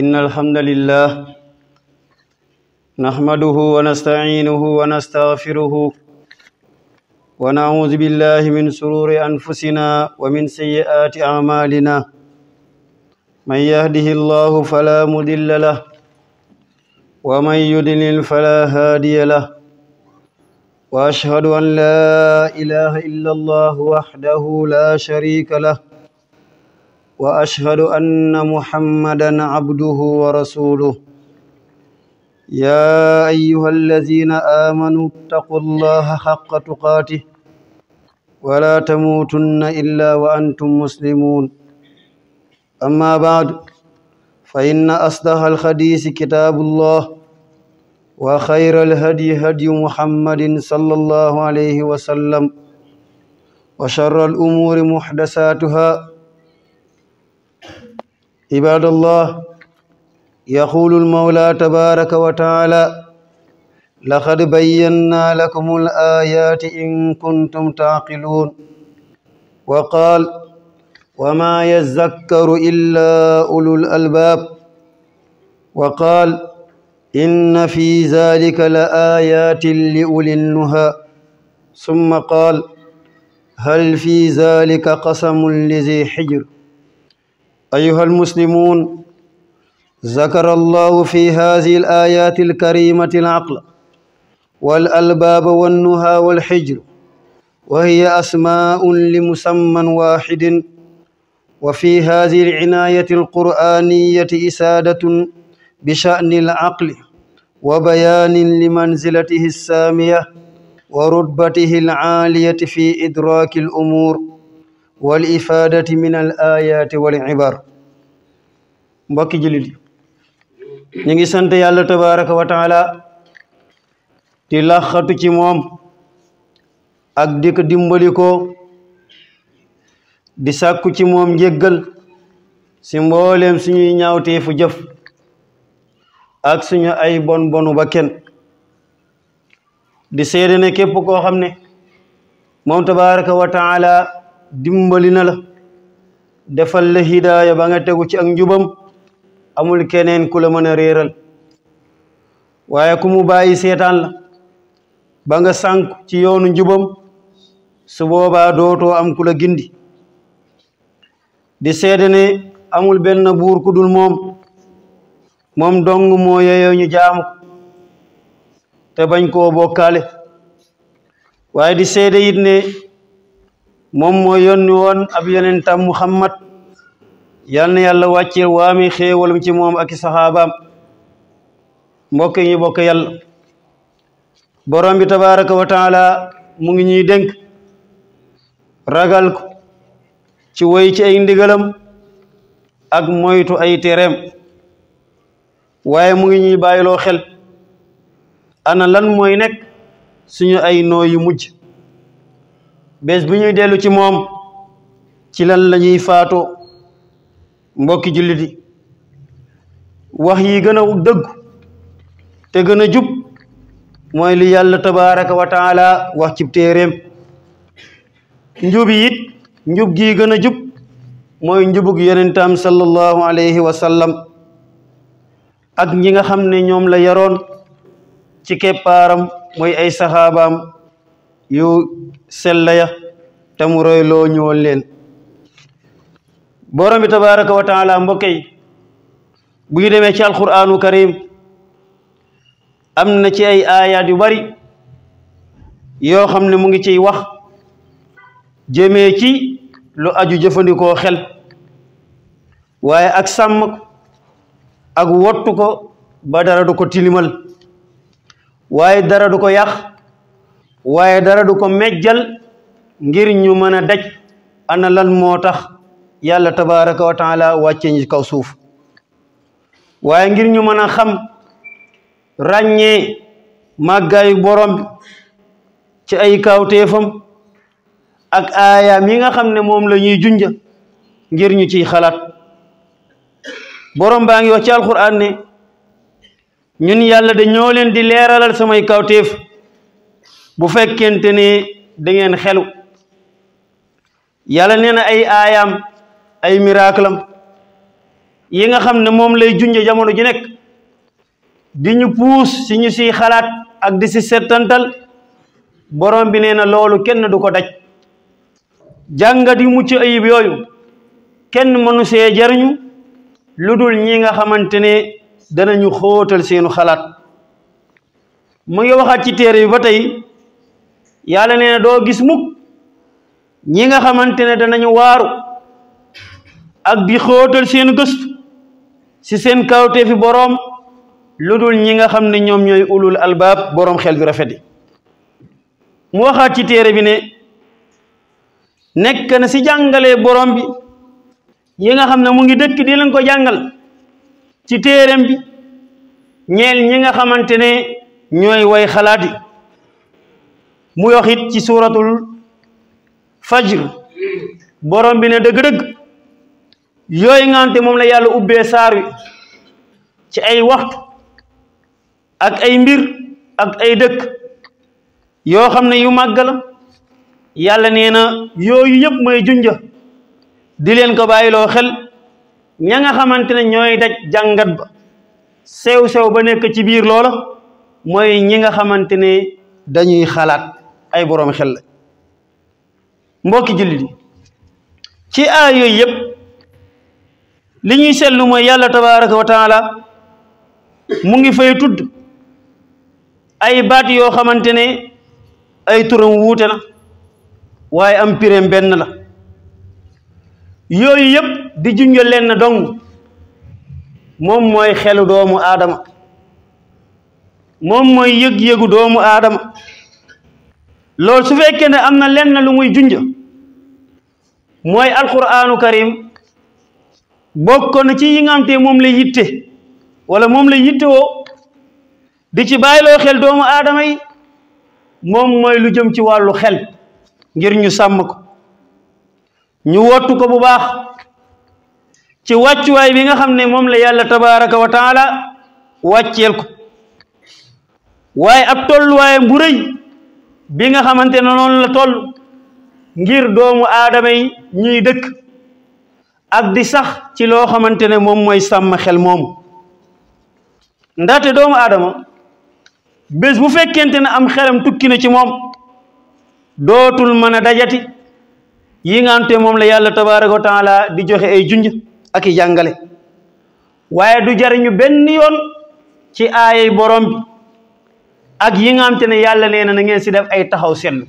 إن الحمد لله نحمده ونستعينه ونستغفره ونعوذ بالله من سرور أنفسنا ومن سيئات أعمالنا من يهده الله فلا مضل له ومن يضلل فلا هادي له وأشهد أن لا إله إلا الله وحده لا شريك له واشهد ان محمدا عبده ورسوله يا ايها الذين امنوا اتقوا الله حق تقاته ولا تموتن الا وانتم مسلمون اما بعد فان اصدق الحديث كتاب الله وخير الهدي هدي محمد صلى الله عليه وسلم وشر الامور محدثاتها عباد الله يقول المولى تبارك وتعالى لقد بينا لكم الآيات إن كنتم تعقلون وقال وما يذكر إلا أولو الألباب وقال إن في ذلك لآيات لأولي النهى ثم قال هل في ذلك قسم لذي حجر أيها المسلمون ذكر الله في هذه الآيات الكريمة العقل والألباب والنهى والحجر وهي أسماء لمسمى واحد وفي هذه العناية القرآنية إسادة بشأن العقل وبيان لمنزلته السامية ورتبته العالية في إدراك الأمور wal ifaadati min al ayaati wal ibar mbokki jullit ñu ngi sant yàlla tabaraka wa taala di laxatu ci moom ak di dimbali ko di sàkku ci moom njéggal si mbooleem suñuy ñaawteefu jëf ak suñu ay bon bonu ba kenn di seede ne képp koo xam ne moom tabaraka wa taala dimbali na la defal la hidaaya ba nga tegu ci ak njubam amul keneen ku la mën a réeral waaye ku mu bàyyi seetaan la ba nga sànku ci yoonu njubam su boobaa dootoo am ku la gindi di seede amul benn buur ku dul moom moom dong moo yeyoo ñu jaamu te bañ koo bokkaale waaye di seede ne moom moo yónni woon ab tam muhammad yal na yàlla wàccee waami xéewalum ci moom ak i saxaabaam mbokk yi ñu bokk yàlla borom bi tabaraka wa mu ngi ñuy dénk ragal ko ci woy ci ay ndigalam ak moytu ay tereem waaye mu ngi ñuy bàyyiloo xel ana lan mooy nekk suñu ay noo yu mujj bés bu ñuy dellu ci moom ci lan lañuy ñuy faatoo mbokki jullit yi wax yi gën a dëggu te gën a jub mooy li yàlla tabaraka wa taala wax ci téeréem njub it njub gii gën a jub mooy njubug yonentam sallallahu alayhi wa ak ñi nga xam ne ñoom la yaroon ci keppaaram mooy ay saxaabaam yu sell ya te mu roy loo ñëwal leen borom bi tabaraka wa taala mbokk yi bu ñu demee ci alquranu am na ci ay ayaat yu bari yoo xam ne mu ngi ciy wax jëmee ci lu aju jëfandikoo xel waaye ak sàmm ak wottu ko ba dara du ko tilimal waaye dara du ko waaye dara du ko mejjal ngir ñu mën a daj ana lan moo tax yàlla tabaraka wa taala wàcce ñi kaw suuf waaye ngir ñu mën a xam ràññee màggaayu borom ci ay kawteefam ak aayaam yi nga xam ne moom la ñuy junja ngir ñu ciy xalaat borom baa ngi wax ci alquran ne ñun yàlla de ñoo leen di leeralal samay kawteef bu fekkente ne da ngeen xelu yàlla nee na ay aayaam ay miracle am yi nga xam ne moom lay junj jamono ji nekk di ñu puus si ñu siy xalaat ak di si setantal boroom bi nee na loolu kenn du ko daj jàngat yu mucc ayib yooyu kenn mënu see jariñu lu dul ñi nga xamante ne danañu xóotal seenu xalaat mu ngi waxaat ci téere ba tey yàlla nee na doo gis mukk ñi nga xamante ne danañu waaru ak di xóotal seen gëstu si seen kawte fi boroom lu dul ñi nga xam ne ñoom ñooy ulul albaab boroom xel yu rafet yi mu waxaat ci téere bi ne nekk na si jàngale boroom bi yi nga xam ne mu ngi dëkk di leen ko jàngal ci téereem bi ñeel ñi nga xamante ne ñooy way xalaat yi muy wax ci suuratul fajr borom bi na dëgg-dëgg yooyu ngante moom la yàlla ubbee saar wi ci ay waxtu ak ay mbir ak ay dëkk yoo xam ne yu màgg la yàlla nee na yooyu yëpp mooy junja di leen ko bàyyiloo xel ña nga xamante ne ñooy daj jàngat ba sew-sew ba nekk ci biir loola mooy ñi nga xamante ne dañuy xalaat ay boroom xel la mbokki jullit yi ci aay yooyu yëpp li ñuy seetlu mooy yàlla tabaraka wa mu ngi fay tudd ay baat yoo xamante ne ay turam wuute na waaye am pireem la yooyu yëpp di junjo lenn na dong moom mooy xelu doomu aadama moom mooy yëg-yëgu doomu aadama loolu su fekkee ne am na lenn lu muy junj mooy alquraanu karim bokk na ci yi nga te moom la yitte wala moom la yitte woo di ci bàyyiloo xel doomu aadama yi moom mooy lu jëm ci wàllu xel ngir ñu sàmm ko ñu wottu ko bu baax ci wàccuwaay bi nga xam ne moom la yàlla tabaraka wa taala wàcceel ko waaye ab tolluwaayam bu rëy bi nga xamante ne noonu la toll ngir doomu aadama yi ñuy dëkk ak di sax ci loo xamante ne moom mooy sàmm xel moomu ndaxte doomu aadama bés bu fekkente ne am xelam tukki na ci moom dootul mën a dajati yi nga xamante moom la yàlla tabaaraka wa taala di joxe ay junj aki jàngale waaye du jariñu benn yoon ci aayay borom ak yi nga xam ne yàlla nee na na ngeen si def ay taxaw seetlu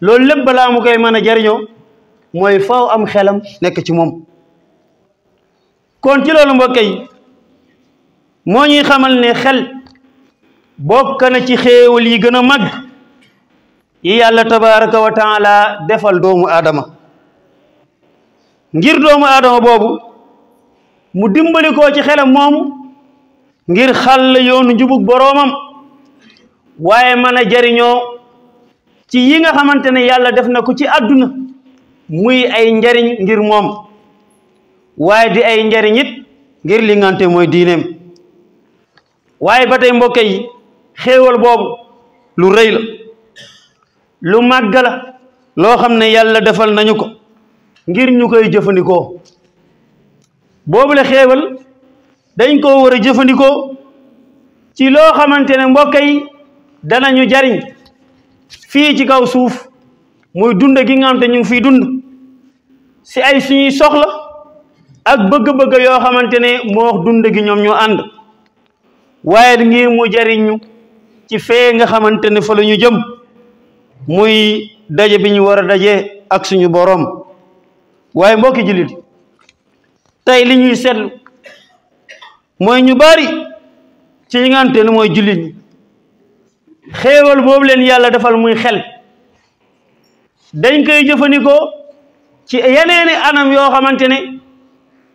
loolu lépp balaa mu koy mën a jariñoo mooy faaw am xelam nekk ci moom kon ci loolu mbokk moo ñuy xamal ne xel bokk na ci xéewal yi gën a mag yi yàlla tabaraka wa taala defal doomu aadama ngir doomu aadama boobu mu dimbali ko ci xelam moomu ngir xal yoonu njubug boroomam waaye mën a jariñoo ci yi nga xamante ne yàlla def na ko ci àdduna muy ay njariñ ngir moom waaye di ay njariñit ngir lingante mooy diineem waaye ba tey mbokk yi xéewal boobu lu rëy lu màgg la loo xam ne yàlla defal nañu ko ngir ñu koy jëfandikoo boobu la xéewal dañ koo war a jëfandikoo ci loo xamante ne mbokk yi dana ñu jariñ fii ci kaw suuf mooy dund gi nga ñu ngi fiy dund si ay suñuy soxla ak bëgg-bëgg yoo xamante ne moo dund gi ñoom ñoo ànd waaye it ngir mu jariñ ci fee nga xamante ne fa la ñu jëm muy daje bi ñu war a daje ak suñu boroom waaye mbokki jullit tey li ñuy seetlu mooy ñu bari ci ñi nga ne mooy jullit ñi xéewal boobu leen yàlla defal muy xel dañ koy jëfandikoo ci yeneeni anam yoo xamante ne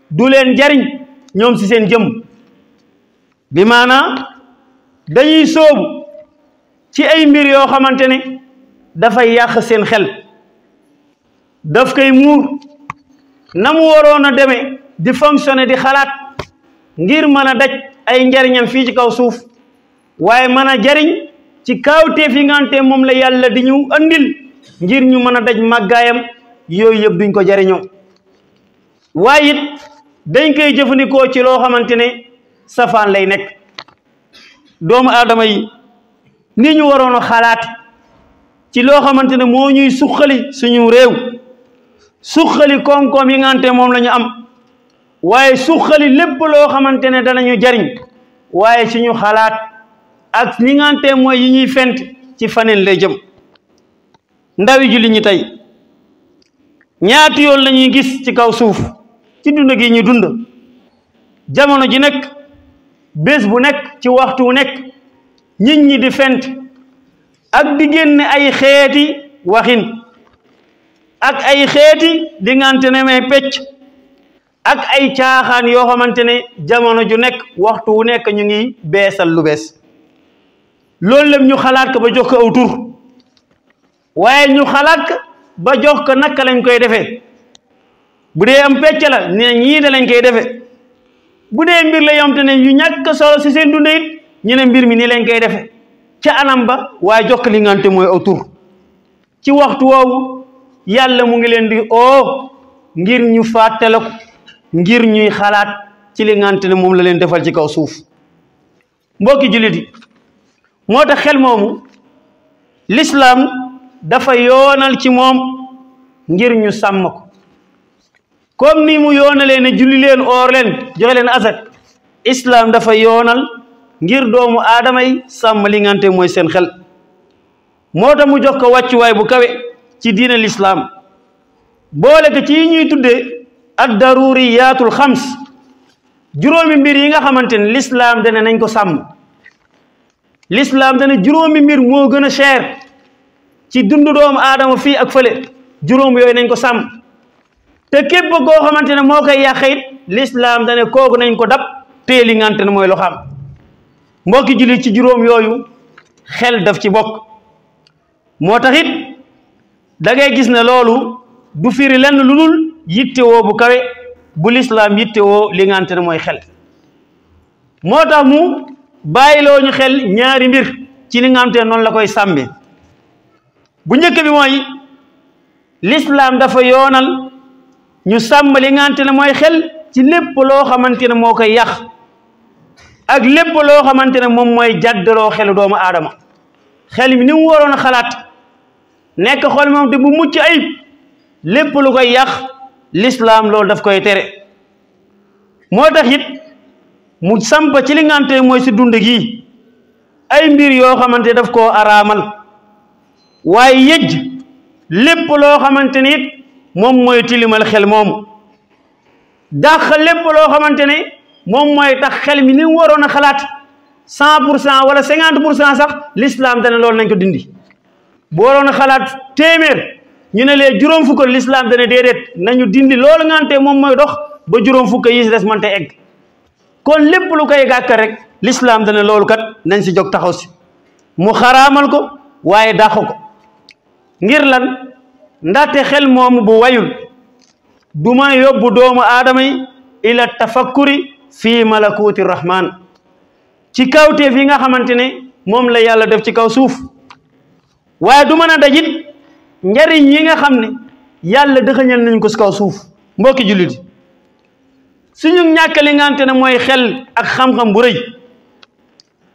du leen jariñ ñoom ci seen jëmm bi maanaam dañuy sóobu ci ay mbir yoo xamante ne dafay yàq seen xel daf koy muur na mu waroon a deme di fonctionner di xalaat ngir mën a daj ay njariñam fii ci kaw suuf waaye mën a jariñ ci kaawteef yi nga xamante moom la yàlla di ñu andil ngir ñu mën a daj màggaayam yooyu yëpp duñ ko jariñoo waaye it dañ koy jëfandikoo ci loo xamante ne safaan lay nekk doomu aadama yi ni ñu waroon xalaat ci loo xamante ne moo ñuy suqali suñu réew suqali koom-koom yi nga moom lañu am waaye suqali lépp loo xamante ne danañu jariñ waaye suñu xalaat ak ñi ngante mooy yi ñuy fent ci faneen lay jëm ndawi julli ñi tey ñaatu yoon lañuy gis ci kaw suuf ci dund gi ñu dund jamono ji nekk bés bu nekk ci waxtu wu nekk nit ñi di fent ak di génne ay xeeti waxin ak ay xeeti di ngante ne may pecc ak ay caaxaan yoo xamante ne jamono ju nekk waxtu wu nekk ñu ngi beesal lu bees loolu lépp ñu xalaat ko ba jox ko aw tur waaye ñu xalaat ko ba jox naka lañ koy defe bu dee am pecc la ne ñii da lañ koy defe bu dee mbir la yom te ne ñu ñàkk solo si seen dund it ñu ne mbir mi nii leen koy defe ca anam ba waaye jox ko li ngante mooy aw tur ci waxtu waawu yàlla mu ngi leen di oo ngir ñu fàttaliku ngir ñuy xalaat ci li ngante moom la leen defal ci kaw suuf mbokki jullit moo tax xel moomu lislaam dafa yoonal ci moom ngir ñu sàmm ko comme ni mu yoonalee ne julli leen oor leen joxe leen asak islaam dafa yoonal ngir doomu aadama yi sàmm li ngante mooy seen xel moo tax mu jox ko wàccuwaay bu kawe ci diine lislaam boole ko ci ñuy tuddee ad daruriyaatul xams juróomi mbir yi nga xamante ne lislaam dana nañ ko sàmm lislaam dana juróomi mbir moo gën a cher ci dundu doomu aadama fii ak fële juróom yooyu nañ ko sàmm te képp koo xamante ne moo koy yàq it lislaam dana kooku nañ ko dab te li ngante ne mooy loxaam mbokki jullit ci juróom yooyu xel daf ci bokk moo taxit it gis ne loolu du firi lenn lu dul yittewoo bu kawe bu lislaam yittewoo li ngante ne mooy xel moo tax mu bàyyi loo ñu xel ñaari mbir ci ni nga te noonu la koy sàmmi bu njëkk bi mooy lislaam dafa yoonal ñu sàmm li te ne mooy xel ci lépp loo xamante ne moo koy yàq ak lépp loo xamante ne moom mooy jàddaloo xelu doomu aadama xel mi ni mu waroon a xalaat nekk xool moom te bu mucc ayib lépp lu koy yàq lislaam loolu daf koy tere moo tax mu samp ci li nga mooy si dund gi ay mbir yoo xamante daf koo araamal waaye yëj lépp loo xamante ni it moom mooy tilimal xel moom dàq lépp loo xamante ne moom mooy tax xel mi ni mu waroon a xalaat cent pour cent wala cinquante pour cent sax lislaam dana loolu nañ ko dindi boo waroon a xalaat téeméer ñu ne lee juróom fukk l'islam dana déedéet nañu dindi lool ngante moom mooy dox ba juróom fukk yi des mënta egg kon lépp lu koy gàkk rek lislaam dana loolu kat nañ si jog taxaw si mu xaraamal ko waaye dàq ko ngir lan ndaxte xel moom bu wayul du mën yóbbu doomu aadama yi ila tafakkuri fii malakuuti rahman ci kawteef yi nga xamante ne moom la yàlla def ci kaw suuf waaye du mën a dajit njariñ yi nga xam ne yàlla dëxëñal nañu ko si kaw suuf mbokki jullit suñu ñàkk li nga xamante ne mooy xel ak xam-xam bu rëy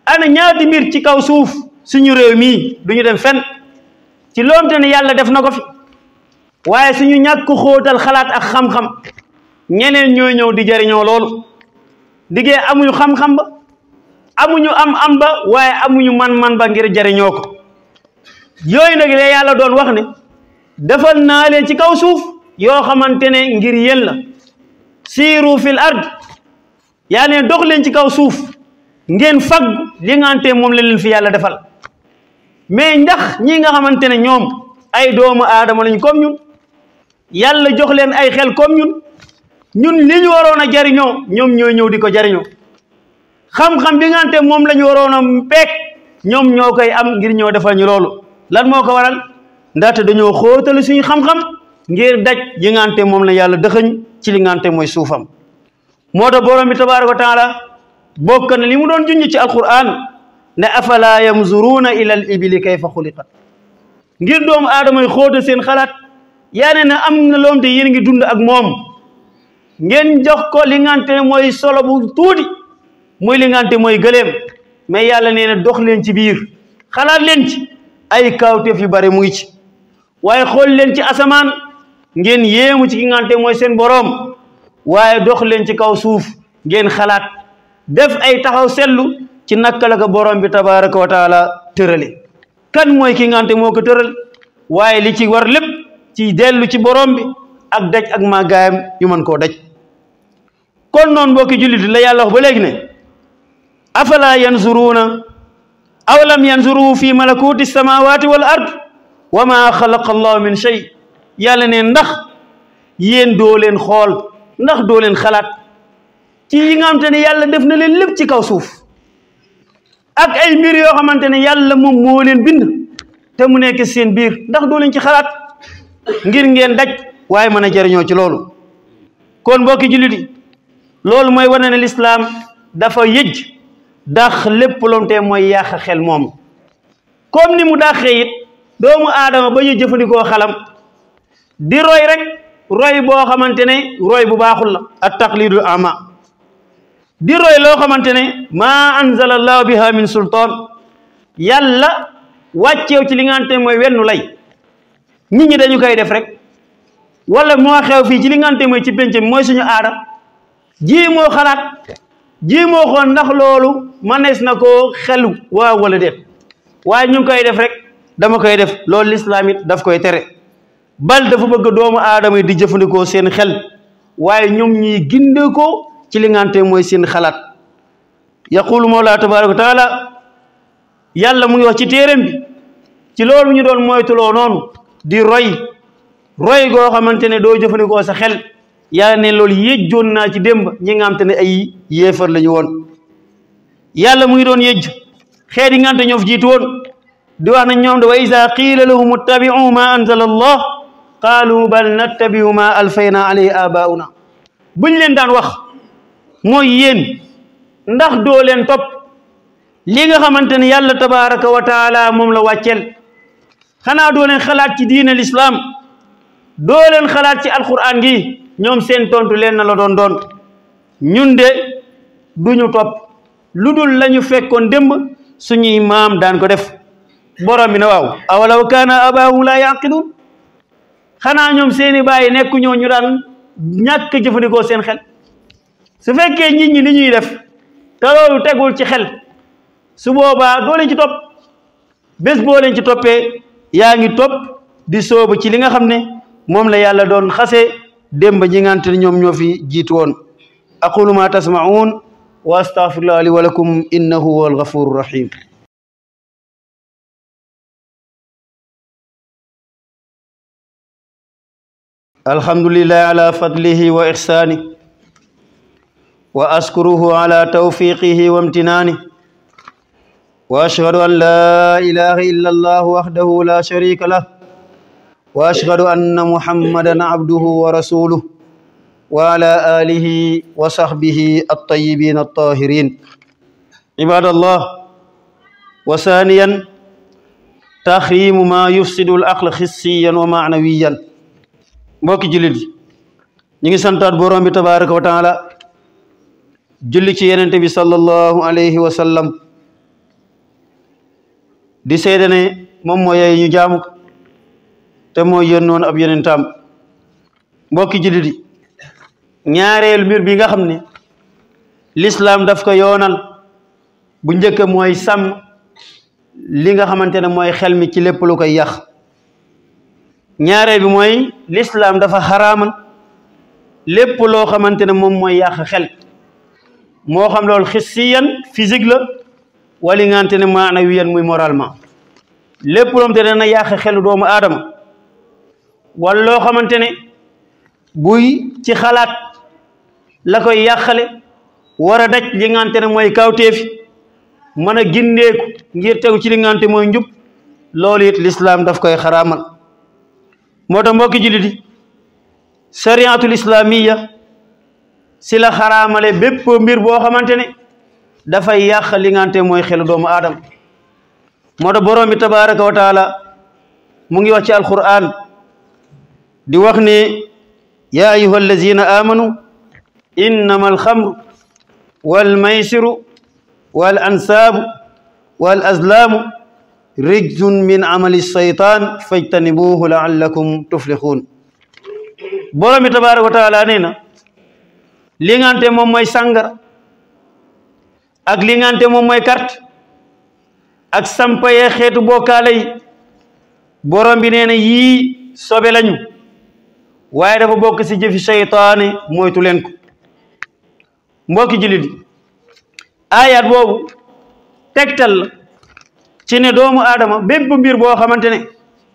ana ñaati mbir ci kaw suuf suñu réew mii duñu dem fenn ci loomte ne yàlla def na ko fi waaye suñu ñàkk xootal xalaat ak xam-xam ñeneen ñooy ñëw di jëriñoo loolu liggéey amuñu xam-xam ba amuñu am-am ba waaye amuñu man-man ba ngir jariñoo ko yooyu nag la yàlla doon wax ne defal naa leen ci kaw suuf yoo xamante ne ngir yéen la siiru fil ard yaa leen dox leen ci kaw suuf ngeen fag li nga moom la fi yàlla defal mais ndax ñi nga xamante ne ñoom ay doomu aadama lañ comme ñun yàlla jox leen ay xel kom ñun ñun liñu waroon a jariñoo ñoom ñooy ñëw di ko jariñoo xam-xam bi nga moom la ñu waroon a peek ñoom ñoo koy am ngir ñoo defal ñu loolu lan moo ko waral ndaxte dañoo xóotale suñu xam-xam ngir daj yi nga moom la yàlla dëxëñ ci li nga xam te mooy suufam moo tax borom bi tabaaraka wa taala bokk ne li mu doon junj ci alquran ne afala yanzuruuna ila al ibili kayfa xuliqat ngir doomu aadama yi xóota seen xalaat yaa ne na am na loom te yéen ngi dund ak moom ngeen jox ko li nga xam mooy solo bu tuuti muy li nga xam mooy gëleem mais yàlla nee na dox leen ci biir xalaat leen ci ay kawteef yu bare mu ngi ci waaye xool leen ci asamaan ngeen yéemu ci ki ngante mooy seen boroom waaye dox leen ci kaw suuf ngeen xalaat def ay taxaw sellu ci naka la ko boroom bi tabaraka wa taala tërale kan mooy ki ngante moo ko tëral waaye li ci war lépp ci dellu ci boroom bi ak daj ak màggaayam yu mën koo daj kon noonu mbokki jullit la yàlla ba léegi ne afala yanzuruuna aw lam yanzuru fi malakuti samawati wal ard wa ma xalaqa allahu min shay yàlla ne ndax yéen doo leen xool ndax doo leen xalaat ci yi nga xamante yàlla def na leen lépp ci kaw suuf ak ay mbir yoo xamante ne yàlla moom moo leen bind te mu nekk seen biir ndax doo leen ci xalaat ngir ngeen daj waaye mën a jariñoo ci loolu kon mbokki jullit yi loolu mooy wane ne lislaam dafa yëj dax lépp lomte mooy yàq xel moom comme ni mu dàqee it doomu aadama ba ñu jëfandikoo xalam di roy rek roy boo xamante ne roy bu baaxul la at taqlidu ama di roy loo xamante ne maa anzala allahu biha min sultaan yàlla wàcceew ci li nga xamante ne mooy wennu lay nit ñi dañu koy def rek walla moo xew fii ci li nga mooy ci pénc mooy suñu aada jii moo xalaat jii moo xool ndax loolu manees na koo xelu waa wala déet waaye ñu ngi koy def rek dama koy def loolu lislaam daf koy tere bal dafa bëgg doomu aadama yi di jëfandikoo seen xel waaye ñoom ñiy gindee ko ci li ngante mooy seen xalaat yaqulu mawla tabaraka wa taala yàlla mu ngi wax ci téeram bi ci loolu ñu doon moytuloo noonu di roy roy goo xamante ne doo jëfandikoo sa xel yàlla ne lool yëjjoon naa ci démb ñi nga xamante ne ay yéefar la ñu woon yàlla mu ngi doon yëjj xeet yi ngante ñoo fi woon di wax na ñoom da wa isa qiila lahum ittabiu ma anzala qaalu bal nattabiu ma alfayna alayhi abauna buñ leen daan wax mooy yéen ndax doo leen topp li nga xamante ne yàlla tabaraka wa taala moom la wàcceel xanaa doo leen xalaat ci diin al islaam doo leen xalaat ci alquran gi ñoom seen tontu leen na la doon doon ñun de duñu topp lu dul la ñu fekkoon démb suñuy maam daan ko def borom bi na waaw awalaw kaana abaahu laa yaqilun xanaa ñoom seeni bàyyi nekk ñoo ñu daan ñàkk jëfandikoo seen xel su fekkee nit ñi li ñuy def te tegul ci xel su boobaa doo leen ci topp bés boo leen ci toppee yaa ngi topp di soobu ci li nga xam ne moom la yàlla doon xase démb ñi nga xamante ñoom ñoo fi jiitu woon aqulu ma tasma'un wa astaghfirullah li wa lakum innahu huwa al-ghafurur alhamdulillahi ala fadlihi wa ihsaani wa askuruhu ala tawfiqihi wa imtinaani wa ashhadu an laa ilaha illa allah wahdahu la sharika lah wa ashhadu anna muhammadan abduhu wa rasuluh wa ala alihi wa sahbihi at-tayyibin at-tahirin ibadallah wa thaniyan tahrimu ma yufsidu al-aql hissiyan wa ma'nawiyan mbokki jullit yi ñu ngi santaat borom bi tabaraka wa taala julli ci yenente bi sallallahu alayhi wa di seede ne moom moo yey ñu jaamu ko te moo yónnoon ab yonentam mbokki jullit yi ñaareel mbir bi nga xam ne lislaam daf ko yoonal bu njëkk mooy sàmm li nga xamante ne mooy xel mi ci lépp lu koy yàq ñaareel bi mooy lislaam dafa xaraamal lépp loo xamante ne moom mooy yàq xel moo xam loolu xissiyan physique la wali ngante ne maanawiyan muy moralement lépp loo xamante ne na yàq xelu doomu aadama wala loo xamante ne buy ci xalaat la koy yàqale war a daj li ngante ne mooy kawteefi mën a gindeeku ngir tegu ci li ngante mooy njub loolu it lislaam daf koy xaraamal moo tax mbokki jullit yi sariyatul islaamiya si la xaraamale bépp mbir boo xamante ne dafay yàq lingante mooy xelu doomu aadama moo tax borom bi tabaraka wa taala mu ngi wax ci alquran di wax ne ya ayuha allazina amanu innama alxamru wal maysiru wal ansaabu wal azlaamu rijsun min amali saytaan fajtanibuhu laallakum tuflixuun borom bi tabaaraka wa taala nee na li ngante moom mooy sàngara ak li ngante moom mooy carte ak sampayee xeetu bokkaale yi borom bi nee na yii sobe lañu waaye dafa bokk ci jëfi seytaane moytu leen ko mbokki jullit aayaat boobu tegtal ci ne doomu aadama bépp mbir boo xamante ne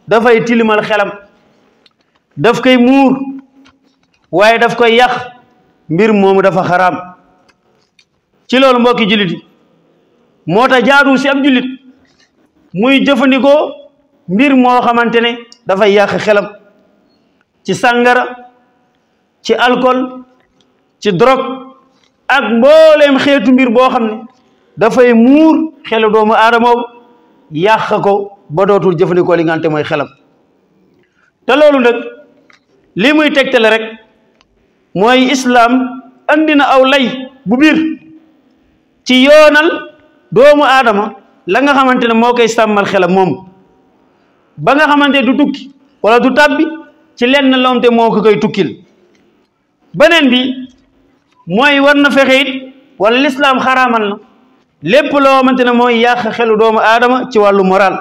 dafay tilimal xelam daf koy muur waaye daf koy yàq mbir moomu dafa xaram ci loolu mbokki jullit moo ta jaadu si ab jullit muy jëfandikoo mbir moo xamante ne dafay yàq xelam ci sàngara ci alcool ci drop ak mbooleem xeetu mbir boo xam ne dafay muur xelu doomu aadama yàq ko ba dootul jëfandikoo li nga mooy xelam te loolu nag lii muy tegtale rek mooy islaam andi na aw lay bu biir ci yoonal doomu aadama la nga xamante ne moo koy sàmmal xelam moom ba nga xamante du tukki wala du tàbbi ci lenn lomte moo ko koy tukkil beneen bi mooy war na fexe it wala lislaam xaramal na lépp loo xamante ne mooy yàq xelu doomu aadama ci wàllu moral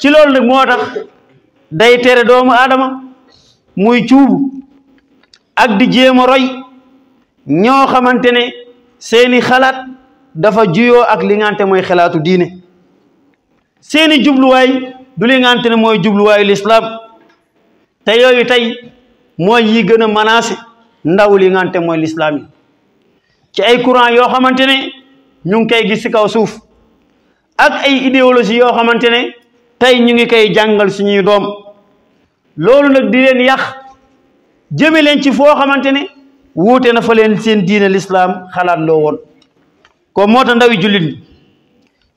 ci loolu nag moo tax day tere doomu aadama muy cuubu ak di jéema roy ñoo xamante ne seeni xalaat dafa juyoo ak li ngante mooy xalaatu diine seeni jubluwaay du li ngante ne mooy jubluwaayu lislaam te yooyu tey mooy yi gën a menacé ndaw li ngante mooy lislaam yi ci ay courant yoo xamante ne ñu ngi koy gis ci kaw suuf ak ay idéologie yoo xamante ne tey ñu ngi koy jàngal suñuy doom loolu nag di leen yàq jëme leen ci foo xamante ne wuute na fa leen seen diine lislaam xalaat loo woon ko moo tax ndawi jullit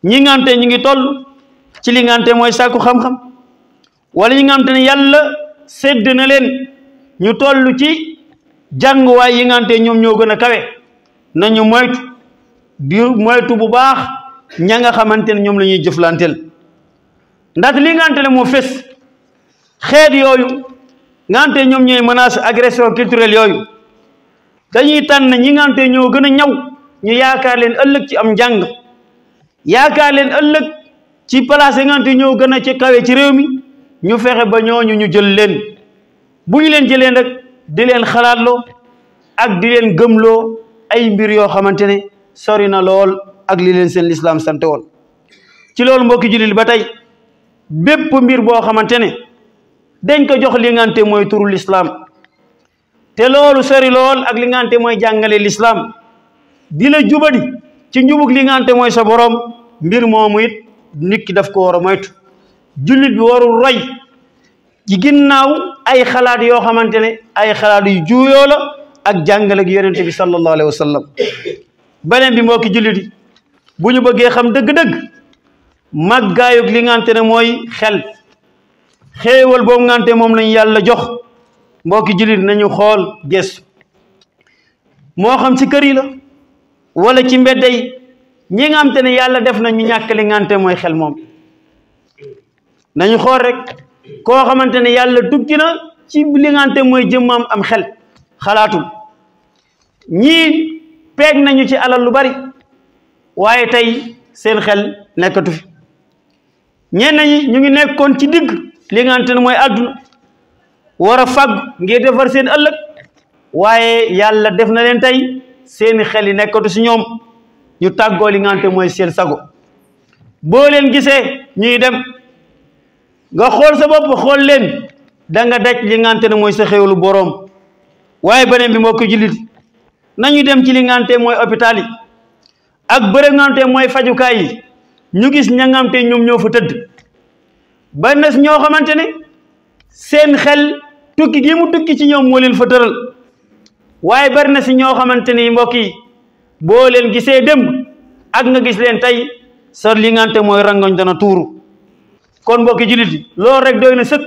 ñi ngante ñu ngi toll ci lingante mooy sàkku xam-xam wala ñi ngante ne yàlla sédd na leen ñu toll ci jànguwaay yi ngante ñoom ñoo gën a kawe nañu moytu di moytu bu baax ña nga xamante ne ñoom lañuy ñuy jëflanteel ndaxte li ngante ne moo fës xeet yooyu ngante ñoom ñooy menace agression culturelle yooyu dañuy tànn ñi ngante ñoo gën a ñaw ñu yaakaar leen ëllëg ci am njàng yaakaar leen ëllëg ci place ngante ñoo gën a ci kawe ci réew mi ñu fexe ba ñooñu ñu jël leen bu ñu leen jëleen rek di leen xalaatloo ak di leen gëmloo ay mbir yoo xamante ne sori na lool ak li leen seen lislaam sante woon ci loolu mbokki jullit ba tey bépp mbir boo xamante ne dañ ko jox li ngante mooy turu lislaam te loolu sori lool ak li ngante mooy jàngale lislaam di la jubadi ci njubug li ngante mooy sa borom mbir moomu it nit ki daf ko war a moytu jullit bi warul roy ci ginnaaw ay xalaat yoo xamante ne ay xalaat yu juuyoo ak jàngale gi yonente bi sallallahu alayhi wa beneen bi mbokki jullit yi bu ñu bëggee xam dëgg-dëgg màggaayug li ngante ne mooy xel xéewal boobu ngante moom lañu yàlla jox mbokki jullit nañu xool gestu moo xam ci kër yi la wala ci mbedd yi ñi nga xamante ne yàlla def na ñu ñàkk ngante mooy xel moom nañu xool rek koo xamante ne yàlla tukki na ci li ngante mooy jëmmaam am xel xalaatul ñii peeg nañu ci alal lu bari waaye tey seen xel nekkatu fi ñenn ñi ñu ngi nekkoon ci digg li nga xamante mooy àdduna war a fàgg ngir defar seen ëllëg waaye yàlla def na leen tey seen xel yi nekkatu si ñoom ñu tàggoo li nga xamante mooy seen sago boo leen gisee ñuy dem nga xool sa bopp xool leen da nga daj li nga xamante ne mooy sa xéwlu boroom waaye beneen bi moo ko jullit nañu dem ci li mooy hôpital yi ak bëre ngante mooy fajukaay yi ñu gis ña ñoom ñoo fa tëdd ba nes ñoo xamante ne seen xel tukki gi mu tukki ci ñoom moo leen fa tëral waaye bari na si ñoo xamante ni mbokk yi boo leen gisee dem ak nga gis leen tey sa li mooy rangoñ dana tuuru kon mbokki jullit yi loolu rek doy na sëkk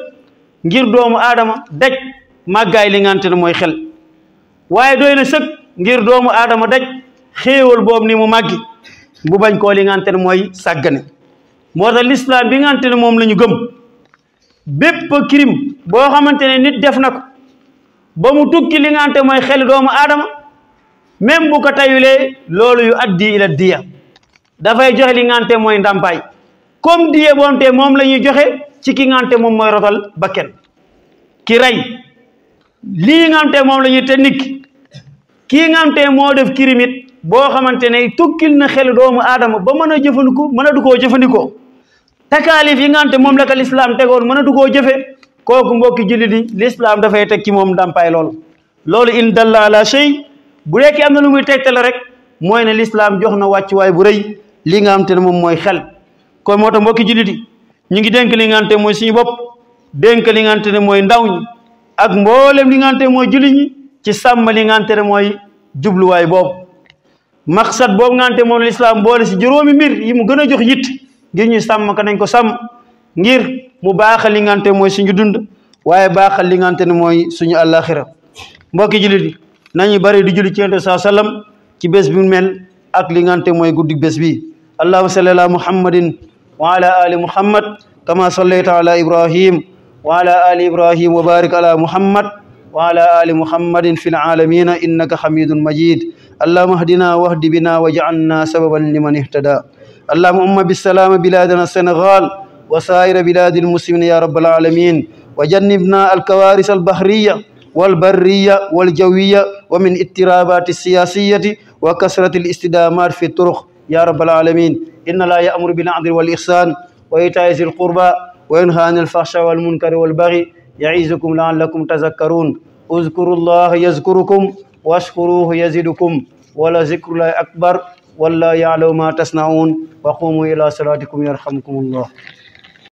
ngir doomu aadama daj màggaay li ngante ne mooy xel waaye doy na sëkk ngir doomu aadama daj xéewal boobu ni mu màggi bu bañ koo li ngante mooy sàggane moo lislaam bi ngante ne moom la ñu gëm bépp crime boo xamante ne nit def na ko ba mu tukki li ngante mooy xel doomu aadama même bu ko tayulee loolu yu addi ila diya dafay joxe li ngante mooy ndàmpaay kom diye bonte moom lañuy joxe ci ki ngante moom mooy rotal bakken ki rey lii ngante moom lañuy ñuy te nit kii nga xam moo def kirimit boo xamante ne tukkil na xelu doomu aadama ba mën a jëfandikoo mën a du koo jëfandikoo takaalif yi nga xam te moom la tegoon mën du koo jëfe kooku mbokki jullit yi lislaam dafay teg ci moom ndàmpaay lool loolu in dalla ala shay bu rekkee am na lu muy tegtale rek mooy ne lislaam jox na wàccuwaay bu rëy li nga xam ne moom mooy xel kon moo tax mbokki jullit yi ñu ngi dénk li nga xam mooy suñu bopp dénk li nga xam ne mooy ndaw ñi ak mboolem li nga xam mooy jullit ci sàmm li nga xamante ne mooy jubluwaay boobu maqsad boobu nga xamante moom lislaam boole si juróomi mbir yi mu gën a jox yitt ngir ñu sàmm ko nañ ko sàmm ngir mu baaxal li nga xamante mooy suñu dund waaye baaxal li nga mooy suñu àllaaxira mbokki jullit yi nañu bari di julli ci yonent saa sallam ci bés bi mel ak li nga mooy guddi bés bi allahuma salli ala muhammadin wa ala ali muhammad kama sallayta ala ibrahim wa ala ali ibrahim wa barik ala muhammad وعلى آل محمد في العالمين إنك حميد مجيد اللهم اهدنا واهد بنا واجعلنا سببا لمن اهتدى اللهم أم بالسلام بلادنا السنغال وسائر بلاد المسلمين يا رب العالمين وجنبنا الكوارث البحرية والبرية والجوية ومن اضطرابات السياسية وكثرة الاستدامات في الطرق يا رب العالمين إن لا يأمر بالعدل والإحسان وإيتاء ذي القربى وينهى عن الفحشاء والمنكر والبغي يعظكم لعلكم تذكرون اذكروا الله يذكركم واشكروه يزدكم ولذكر الله أكبر والله يعلم ما تصنعون وقوموا إلى صلاتكم يرحمكم الله